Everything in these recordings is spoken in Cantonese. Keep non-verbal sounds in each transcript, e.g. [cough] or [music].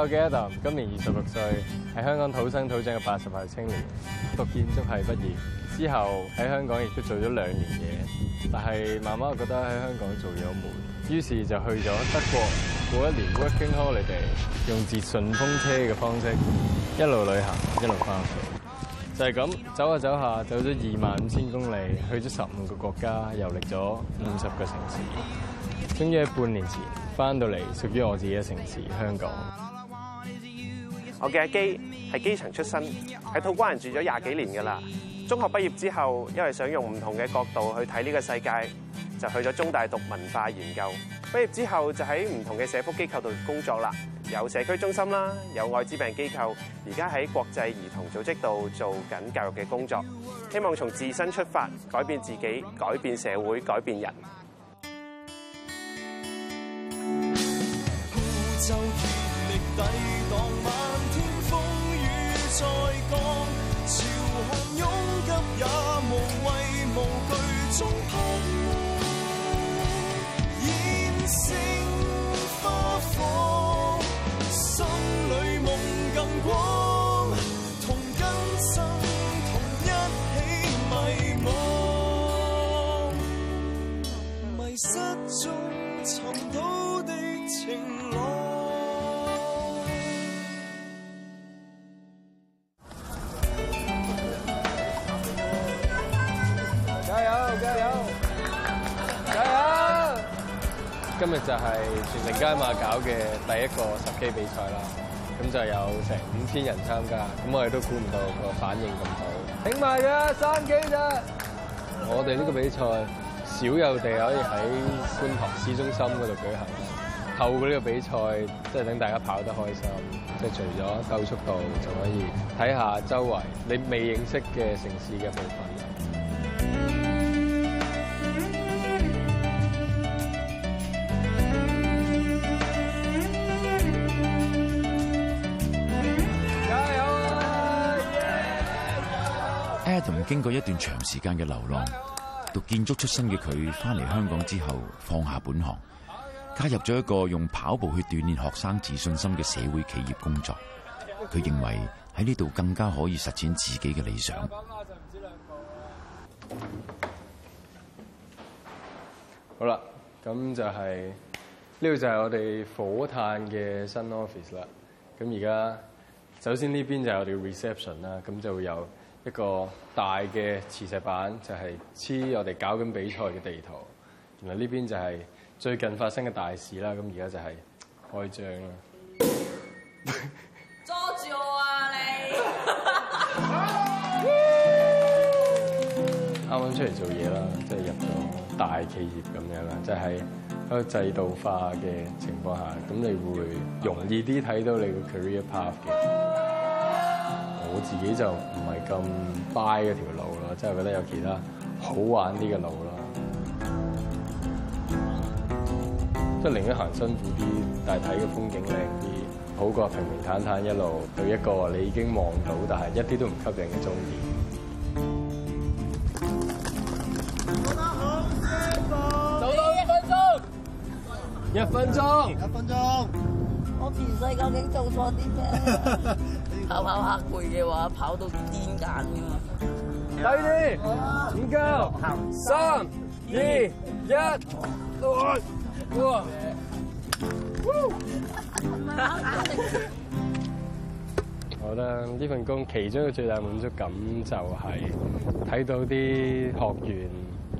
我叫 Adam，今年二十六歲，係香港土生土長嘅八十後青年，讀建築系畢業之後喺香港亦都做咗兩年嘢，但係慢慢覺得喺香港做嘢好悶，於是就去咗德國過一年 working holiday，用搭順風車嘅方式一路旅行一路翻去。就係咁走下走下，走咗二萬五千公里，去咗十五個國家遊歷咗五十個城市，終於喺半年前翻到嚟屬於我自己嘅城市香港。我嘅阿基係基層出身，喺土瓜灣住咗廿幾年噶啦。中學畢業之後，因為想用唔同嘅角度去睇呢個世界，就去咗中大讀文化研究。畢業之後就喺唔同嘅社福機構度工作啦，有社區中心啦，有愛滋病機構，而家喺國際兒童組織度做緊教育嘅工作。希望從自身出發，改變自己，改變社會，改變人。嗯也無畏無懼中盼望，燃花火，心裏夢更光，同根生，同一起迷惘，迷失中尋到的情郎。今日就係全城街馬搞嘅第一個十 K 比賽啦，咁就有成五千人參加，咁我哋都估唔到個反應咁好。頂埋咗三 K 咋！我哋呢個比賽少有地可以喺觀塘市中心嗰度舉行。透過呢個比賽，即係等大家跑得開心，即、就、係、是、除咗夠速度，仲可以睇下周圍你未認識嘅城市嘅部分。經過一段長時間嘅流浪，讀建築出身嘅佢翻嚟香港之後，放下本行，加入咗一個用跑步去鍛煉學生自信心嘅社會企業工作。佢認為喺呢度更加可以實踐自己嘅理想。好啦，咁就係呢個就係我哋火炭嘅新 office 啦。咁而家首先呢邊就係我哋 reception 啦，咁就會有。一個大嘅磁石板，就係、是、黐我哋搞緊比賽嘅地圖。原來呢邊就係最近發生嘅大事啦。咁而家就係開張啦。捉住我啊你 [laughs] 剛！啱啱出嚟做嘢啦，即係入咗大企業咁樣啦，即係喺一個制度化嘅情況下，咁你會容易啲睇到你嘅 career path 嘅。我自己就唔係咁 buy 嗰條路咯，即係覺得有其他好玩啲嘅路咯。即係寧願行辛苦啲，但係睇嘅風景靚啲，好過平平坦坦一路去一個你已經望到，但係一啲都唔吸引嘅終點。做到一分鐘，一分鐘，一分鐘。我前世究竟做錯啲咩？ [laughs] 跑跑客攰嘅話，跑到癲簡㗎。睇啲，五九，三、二、一，落！落！我覺得呢份工其中嘅最大滿足感就係睇到啲學員。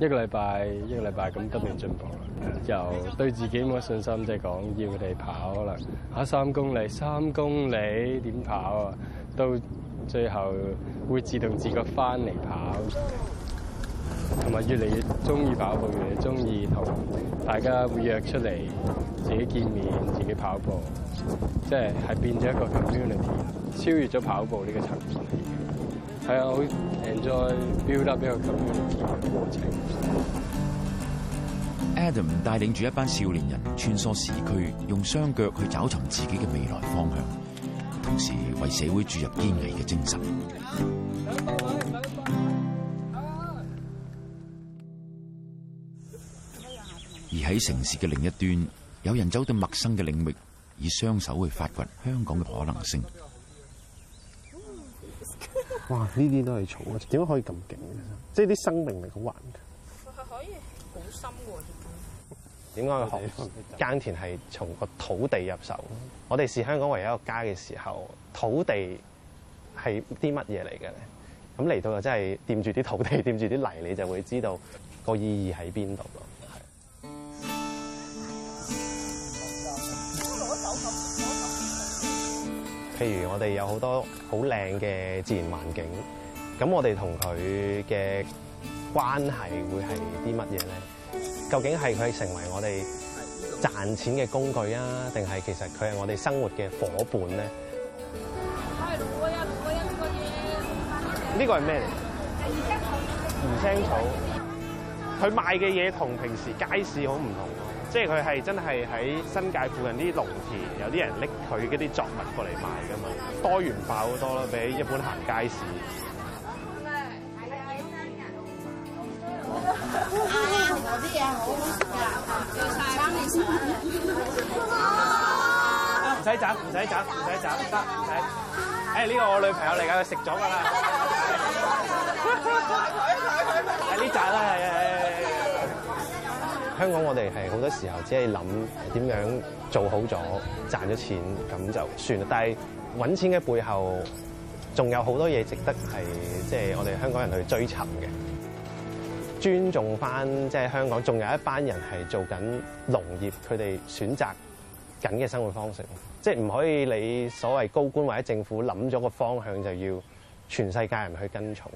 一個禮拜，一個禮拜咁不斷進步啦。由對自己冇信心，即係講要佢哋跑啦。嚇三公里，三公里點跑啊？到最後會自動自覺翻嚟跑，同埋越嚟越中意跑步，越嚟越中意同大家會約出嚟自己見面，自己跑步，即係係變咗一個 community，超越咗跑步呢個層次。Yes, enjoy, build up, build up, build up. Adam 帶領住一班少年人穿梭市區，用雙腳去找尋自己嘅未來方向，同時為社會注入堅毅嘅精神。而喺城市嘅另一端，有人走到陌生嘅領域，以雙手去發掘香港嘅可能性。哇！呢啲都係草啊，點解可以咁勁嘅？即係啲生命力好強㗎。佢可以好深㗎喎，點 [laughs] 解？點 [laughs] 解耕田係從個土地入手？我哋視香港為一個家嘅時候，土地係啲乜嘢嚟嘅咧？咁嚟到就真係掂住啲土地、掂住啲泥，你就會知道個意義喺邊度。譬如我哋有好多好靚嘅自然環境，咁我哋同佢嘅關係會係啲乜嘢咧？究竟係佢成為我哋賺錢嘅工具啊，定係其實佢係我哋生活嘅夥伴咧？呢個係咩嚟？唔清楚，佢賣嘅嘢同平時街市好唔同。即係佢係真係喺新界附近啲農田，有啲人拎佢嗰啲作物過嚟賣㗎嘛，多元化好多咯，比一般行街市。唔使摘，唔使摘，唔使摘，得，係。誒呢個我女朋友嚟㗎，佢食咗㗎啦。係呢扎啦，係係。香港我哋係好多時候只係諗點樣做好咗賺咗錢，咁就算啦。但係揾錢嘅背後仲有好多嘢值得係即係我哋香港人去追尋嘅，尊重翻即係香港仲有一班人係做緊農業，佢哋選擇緊嘅生活方式，即係唔可以你所謂高官或者政府諗咗個方向就要全世界人去跟從。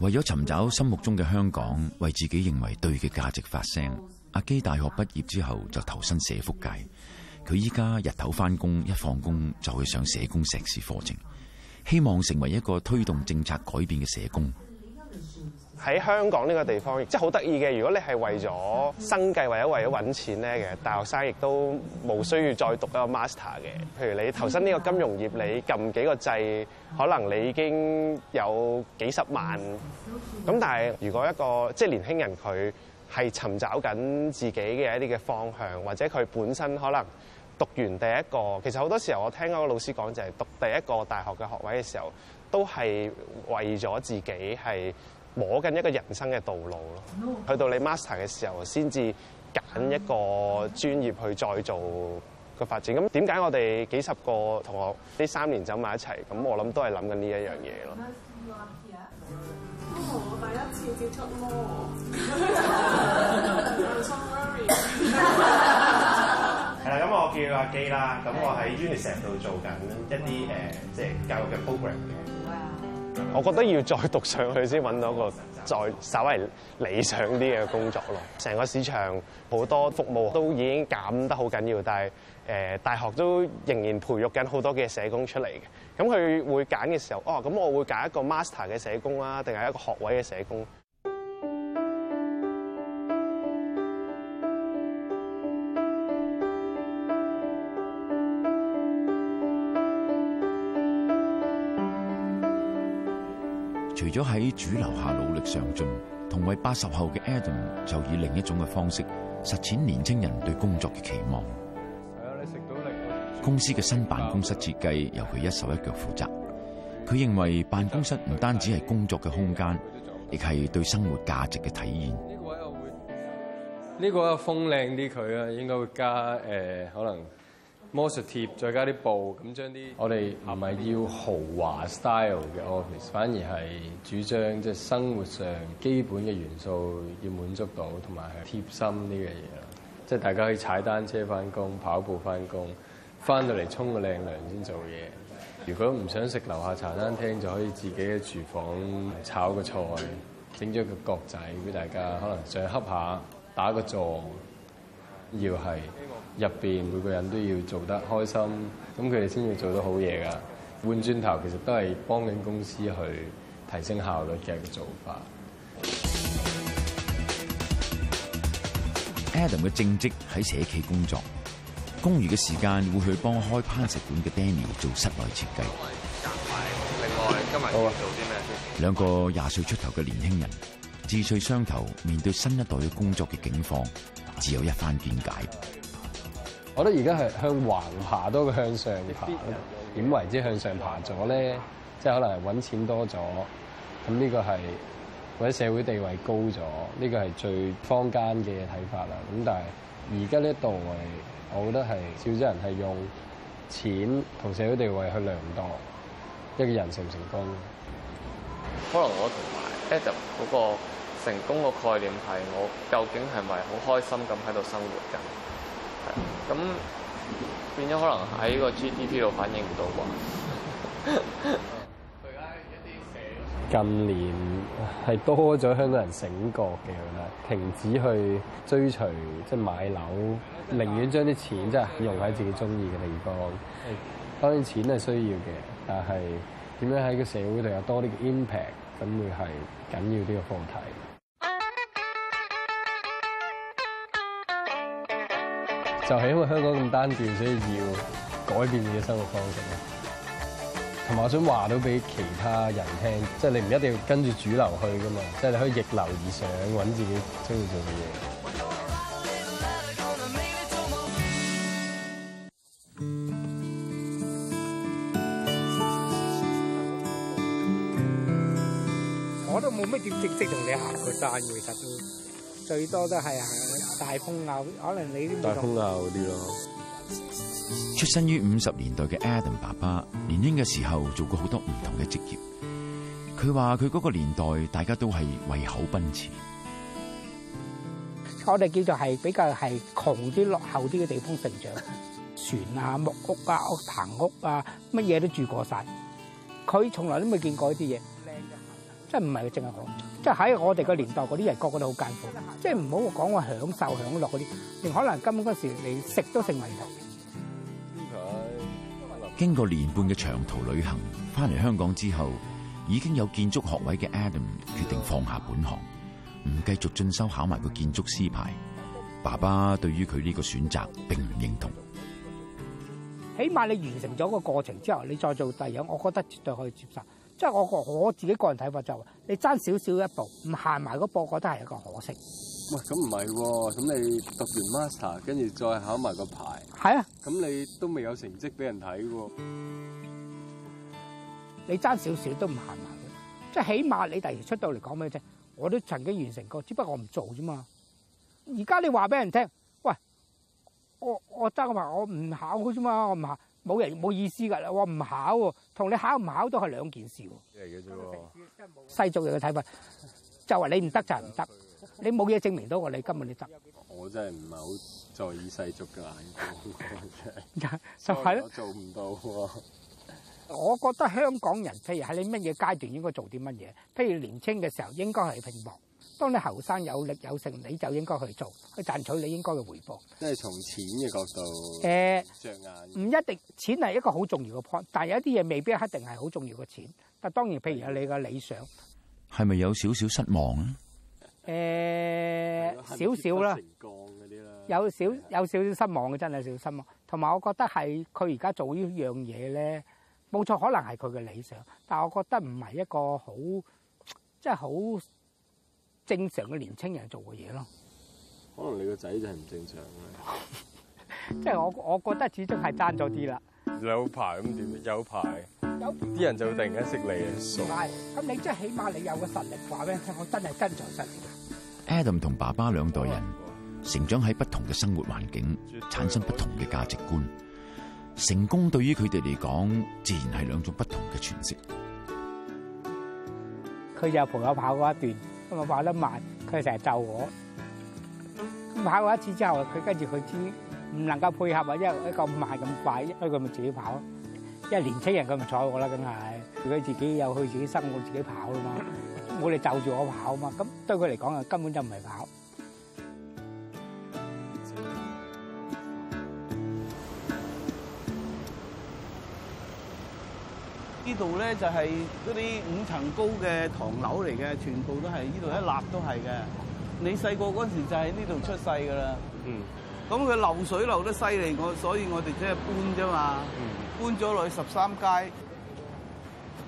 為咗尋找心目中嘅香港，為自己認為對嘅價值發聲，阿基大學畢業之後就投身社福界。佢依家日頭返工，一放工就去上社工碩士課程，希望成為一個推動政策改變嘅社工。喺香港呢個地方，即係好得意嘅。如果你係為咗生計或者為咗揾錢咧嘅大學生，亦都冇需要再讀一個 master 嘅。譬如你投身呢個金融業，你撳幾個掣，可能你已經有幾十萬。咁。但係如果一個即係年輕人，佢係尋找緊自己嘅一啲嘅方向，或者佢本身可能讀完第一個，其實好多時候我聽嗰個老師講，就係讀第一個大學嘅學位嘅時候，都係為咗自己係。摸緊一個人生嘅道路咯，去到你 master 嘅時候先至揀一個專業去再做個發展。咁點解我哋幾十個同學呢三年走埋一齊？咁我諗都係諗緊呢一樣嘢咯。Hello，我第一次接觸魔。係啊，咁、啊、我叫阿基啦。咁、啊、我喺 UNICEF 度做緊一啲即係、啊、教育嘅 program 嘅。我覺得要再讀上去先揾到個再稍為理想啲嘅工作咯。成個市場好多服務都已經減得好緊要，但係誒、呃、大學都仍然培育緊好多嘅社工出嚟嘅。咁佢會揀嘅時候，哦，咁我會揀一個 master 嘅社工啊，定係一個學位嘅社工？除咗喺主流下努力上進，同為八十後嘅 Adam 就以另一種嘅方式實踐年青人對工作嘅期望。嗯，你到嗯、嗯、公司嘅新辦公室設計由佢一手一腳負責，佢認為辦公室唔單止係工作嘅空間，亦係對生活價值嘅體現。呢、這個位我會，呢、這個有風靚啲佢啊，應該會加誒、呃、可能。魔術貼，再加啲布，咁將啲。我哋係咪要豪華 style 嘅 office，反而係主張即係、就是、生活上基本嘅元素要滿足到，同埋係貼心啲嘅嘢。即、就、係、是、大家可以踩單車翻工、跑步翻工，翻到嚟沖個靚涼先做嘢。如果唔想食樓下茶餐廳，就可以自己喺廚房炒個菜，整咗個角仔俾大家，可能想恰下、打個座，要係。入面每個人都要做得開心，咁佢哋先至做到好嘢㗎。換轉頭，其實都係幫緊公司去提升效率嘅做法。Adam 嘅正職喺社企工作，公餘嘅時間會去幫開攀石館嘅 Daniel 做室內設計。另外，今日做啲咩先？兩個廿歲出頭嘅年輕人，志趣相投，面對新一代嘅工作嘅境況，自有一番見解。我覺得而家係向橫爬多過向上爬，點為之向上爬咗咧？即係可能係揾錢多咗，咁呢個係或者社會地位高咗，呢個係最坊間嘅睇法啦。咁但係而家呢一代，我覺得係少少人係用錢同社會地位去量度一個人成唔成功。可能我同埋 Adam 嗰個成功嘅概念係，我究竟係咪好開心咁喺度生活緊？咁變咗可能喺個 GDP 度反映唔到啩？ [laughs] 近年係多咗香港人醒覺嘅，我覺得停止去追隨、就係、即係買樓，寧願將啲錢即係用喺自己中意嘅地方。當然錢係需要嘅，但係點樣喺個社會度有多啲嘅 impact，咁會係緊要啲嘅課題。就係因為香港咁單調，所以要改變自己生活方式。同埋我想話到俾其他人聽，即係你唔一定要跟住主流去噶嘛，即係你可以逆流而上，揾自己中意做嘅嘢。我都冇乜經正式同你行過山，其實都。最多都係啊大風鷯，可能你啲唔大風鷯啲咯。出生於五十年代嘅 Adam 爸爸，年輕嘅時候做過好多唔同嘅職業，佢話佢個年代大家都係為口奔馳，我哋叫做係比較係窮啲、落後啲嘅地方成長， [laughs] 船啊、木屋啊、屋棚屋啊，乜嘢都住過曬。佢從來都未見過一啲嘢，靚真係唔係淨係。即係喺我哋個年代，嗰啲人個個都好艱苦，即係唔好講話享受享樂嗰啲，定可能根本嗰時你食都成問題。經過年半嘅長途旅行，翻嚟香港之後，已經有建築學位嘅 Adam 決定放下本行，唔繼續進修考埋個建築師牌。爸爸對於佢呢個選擇並唔認同。起碼你完成咗個過程之後，你再做第二樣，我覺得絕對可以接受。即係我我我自己個人睇法就話，你爭少少一步唔行埋嗰步，我覺得係一個可惜。喂，咁唔係喎，咁你讀完 master，跟住再考埋個牌，係啊，咁你都未有成績俾人睇喎、啊。你爭少少都唔行埋，即係起碼你第二日出到嚟講咩啫？我都曾經完成過，只不過我唔做啫嘛。而家你話俾人聽，喂，我我爭個牌，我唔考佢啫嘛，我唔行。冇人冇意思噶啦！我唔考喎，同你考唔考都係兩件事喎。世俗人嘅睇法就話你唔得就係唔得，你冇嘢證明到我你根本你得。我真係唔係好在意世俗嘅眼光就係我做唔到喎。 [laughs] 我覺得香港人譬如喺你乜嘢階段應該做啲乜嘢？譬如年青嘅時候應該係拼搏。當你後生有力有成，你就應該去做去賺取你應該嘅回報。即係從錢嘅角度，着眼唔一定錢係一個好重要嘅 point，但係有一啲嘢未必一定係好重要嘅錢。但係當然，譬如有你嘅理想，係咪有少少失望啊？誒，少少啦，有少有少少失望嘅，真係少少失望。同埋我覺得係佢而家做呢樣嘢咧，冇錯，可能係佢嘅理想，但係我覺得唔係一個好即係好。正常嘅年青人做嘅嘢咯，可能你個仔就係唔正常啊 [laughs] ！即係我我覺得始終係爭咗啲啦。有排咁點？有排，有排，啲人就會突然間識你啊！唔係，咁你即係起碼你有個實力話俾你聽，我真係真材實力。Adam 同爸爸兩代人成長喺不同嘅生活環境，產生不同嘅價值觀。成功對於佢哋嚟講，自然係兩種不同嘅詮釋。佢有朋友跑過一段。我跑得慢，佢係成日就我。咁跑過一次之後，佢跟住佢知唔能夠配合啊，因為我咁慢咁快，所以佢咪自己跑咯。因為年青人佢咪睬我啦，梗係佢自己有佢自己生活，自己跑啦嘛。我哋就住我跑啊嘛。咁對佢嚟講啊，根本就唔係跑。呢度咧就係嗰啲五層高嘅唐樓嚟嘅，全部都係呢度一粒都係嘅。你細個嗰陣時就喺呢度出世噶啦。嗯，咁佢漏水漏得犀利，我所以我哋即係搬啫嘛。嗯，搬咗落去十三街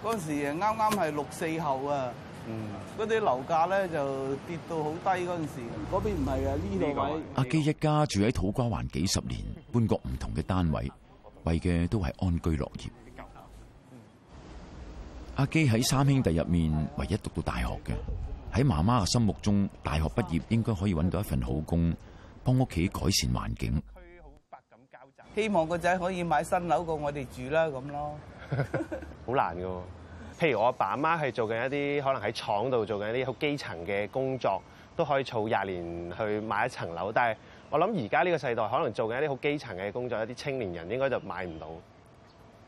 嗰陣時，誒啱啱係六四後啊。嗯，嗰啲樓價咧就跌到好低嗰陣時，嗰邊唔係啊，呢度位。阿基一家住喺土瓜灣幾十年，搬過唔同嘅單位，為嘅都係安居樂業。阿基喺三兄弟入面唯一讀到大學嘅，喺媽媽嘅心目中，大學畢業應該可以揾到一份好工，幫屋企改善環境。佢好百感交集，希望個仔可以買新樓過我哋住啦咁咯。好 [laughs] 難嘅，譬如我阿爸阿媽係做緊一啲可能喺廠度做緊一啲好基層嘅工作，都可以儲廿年去買一層樓。但係我諗而家呢個世代可能做緊一啲好基層嘅工作，一啲青年人應該就買唔到。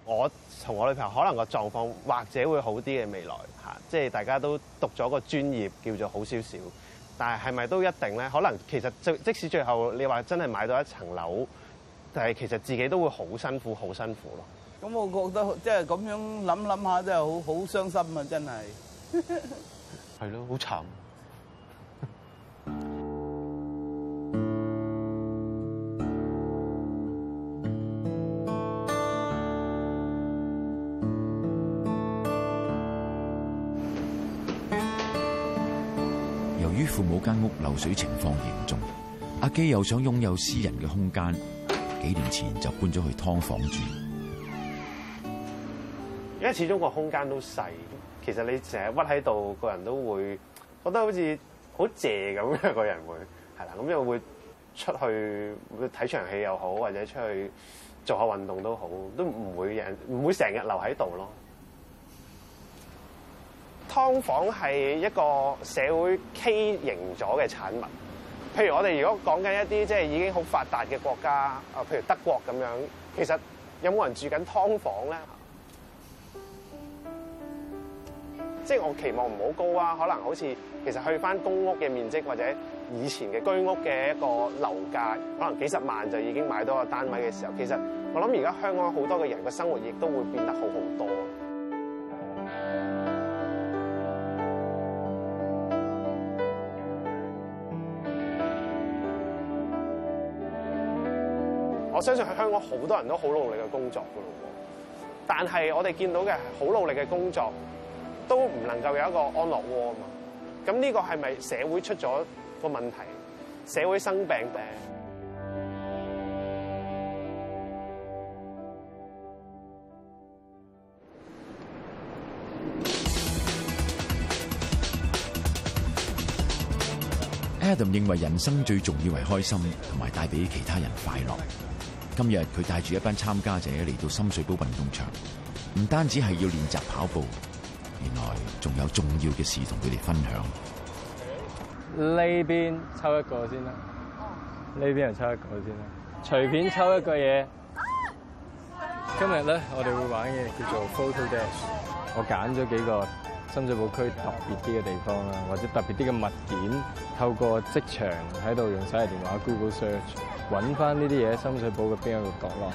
我同我女朋友可能個狀況或者會好啲嘅未來吓、啊，即係大家都讀咗個專業叫做好少少，但係係咪都一定咧？可能其實最即使最後你話真係買到一層樓，但係其實自己都會好辛苦，好辛苦咯。咁我覺得即係咁樣諗諗下真係好好傷心啊！真係係咯，好 [laughs] 慘。水情況嚴重，阿基又想擁有私人嘅空間，幾年前就搬咗去劏房住，因為始終個空間都細。其實你成日屈喺度，個人都會覺得好似好謝咁樣。個人會係啦，咁又會出去睇場戲又好，或者出去做下運動都好，都唔會人唔會成日留喺度咯。劏房係一個社會畸形咗嘅產物。譬如我哋如果講緊一啲即係已經好發達嘅國家，啊，譬如德國咁樣，其實有冇人住緊劏房咧？ [music] 即係我期望唔好高啊。可能好似其實去翻公屋嘅面積或者以前嘅居屋嘅一個樓價，可能幾十萬就已經買到個單位嘅時候，其實我諗而家香港好多嘅人嘅生活亦都會變得好好多。我相信喺香港好多人都好努力嘅工作噶咯，但係我哋見到嘅好努力嘅工作，都唔能夠有一個安樂窩啊嘛。咁呢個係咪社會出咗個問題，社會生病病。Adam 認為人生最重要為開心，同埋帶俾其他人快樂。今日佢帶住一班參加者嚟到深水埗運動場，唔單止係要練習跑步，原來仲有重要嘅事同佢哋分享。呢邊抽一個先啦，呢邊又抽一個先啦，隨便抽一個嘢。今日咧，我哋會玩嘅嘢叫做 Photo Dash。我揀咗幾個深水埗區特別啲嘅地方啦，或者特別啲嘅物件，透過即場喺度用手提電話 Google Search。揾翻呢啲嘢，深水埗嘅邊一個角落？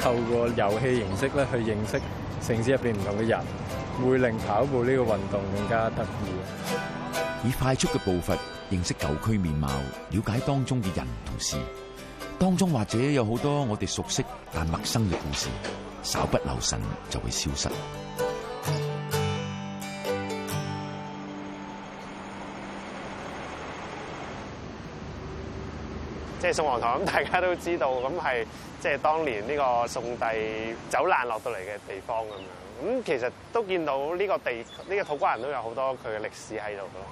透過遊戲形式咧，去認識城市入邊唔同嘅人，會令跑步呢個運動更加得意。以快速嘅步伐認識舊區面貌，了解當中嘅人同事，當中或者有好多我哋熟悉但陌生嘅故事，稍不留神就會消失。即係宋皇台咁，大家都知道咁係即係當年呢個宋帝走難落到嚟嘅地方咁樣。咁其實都見到呢個地呢個土瓜人都有好多佢嘅歷史喺度咯。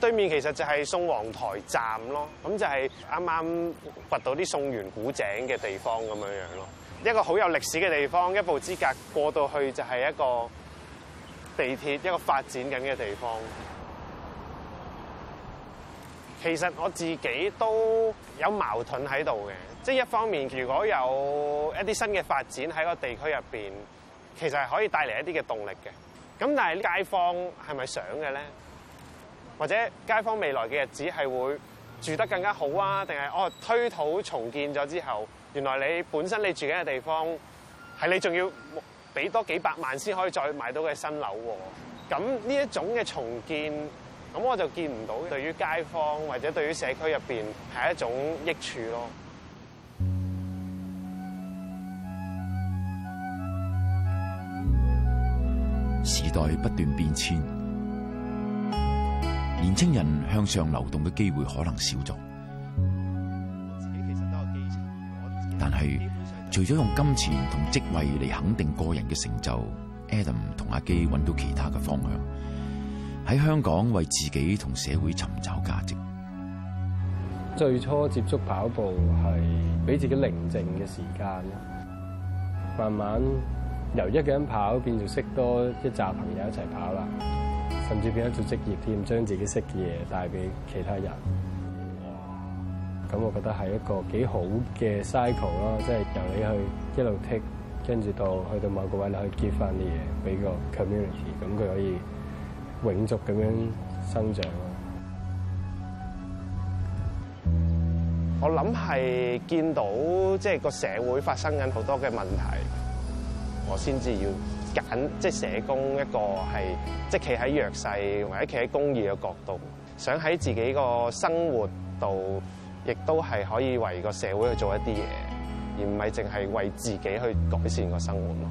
對面其實就係宋皇台站咯，咁就係啱啱掘到啲宋元古井嘅地方咁樣樣咯。一個好有歷史嘅地方，一步之隔過到去就係一個地鐵，一個發展緊嘅地方。其實我自己都有矛盾喺度嘅，即係一方面，如果有一啲新嘅發展喺個地區入邊，其實係可以帶嚟一啲嘅動力嘅。咁但係街坊係咪想嘅咧？或者街坊未來嘅日子係會住得更加好啊？定係哦，推土重建咗之後，原來你本身你住緊嘅地方係你仲要俾多幾百萬先可以再買到嘅新樓喎？咁呢一種嘅重建。咁我就見唔到對於街坊或者對於社區入面係一種益處咯。時代不斷變遷，年青人向上流動嘅機會可能少咗。但係除咗用金錢同職位嚟肯定個人嘅成就，Adam 同阿基揾到其他嘅方向。喺香港為自己同社會尋找價值。最初接觸跑步係俾自己寧靜嘅時間，慢慢由一個人跑變做識多一紮朋友一齊跑啦，甚至變咗做職業添，將自己識嘅嘢帶俾其他人。咁我覺得係一個幾好嘅 cycle 咯，即係由你去一路 take，跟住到去到某個位你可以 give 翻啲嘢俾個 community，咁佢可以。永續咁樣生長。我諗係見到即係個社會發生緊好多嘅問題，我先至要揀即係社工一個係即係企喺弱勢或者企喺公義嘅角度，想喺自己個生活度，亦都係可以為個社會去做一啲嘢，而唔係淨係為自己去改善個生活咯。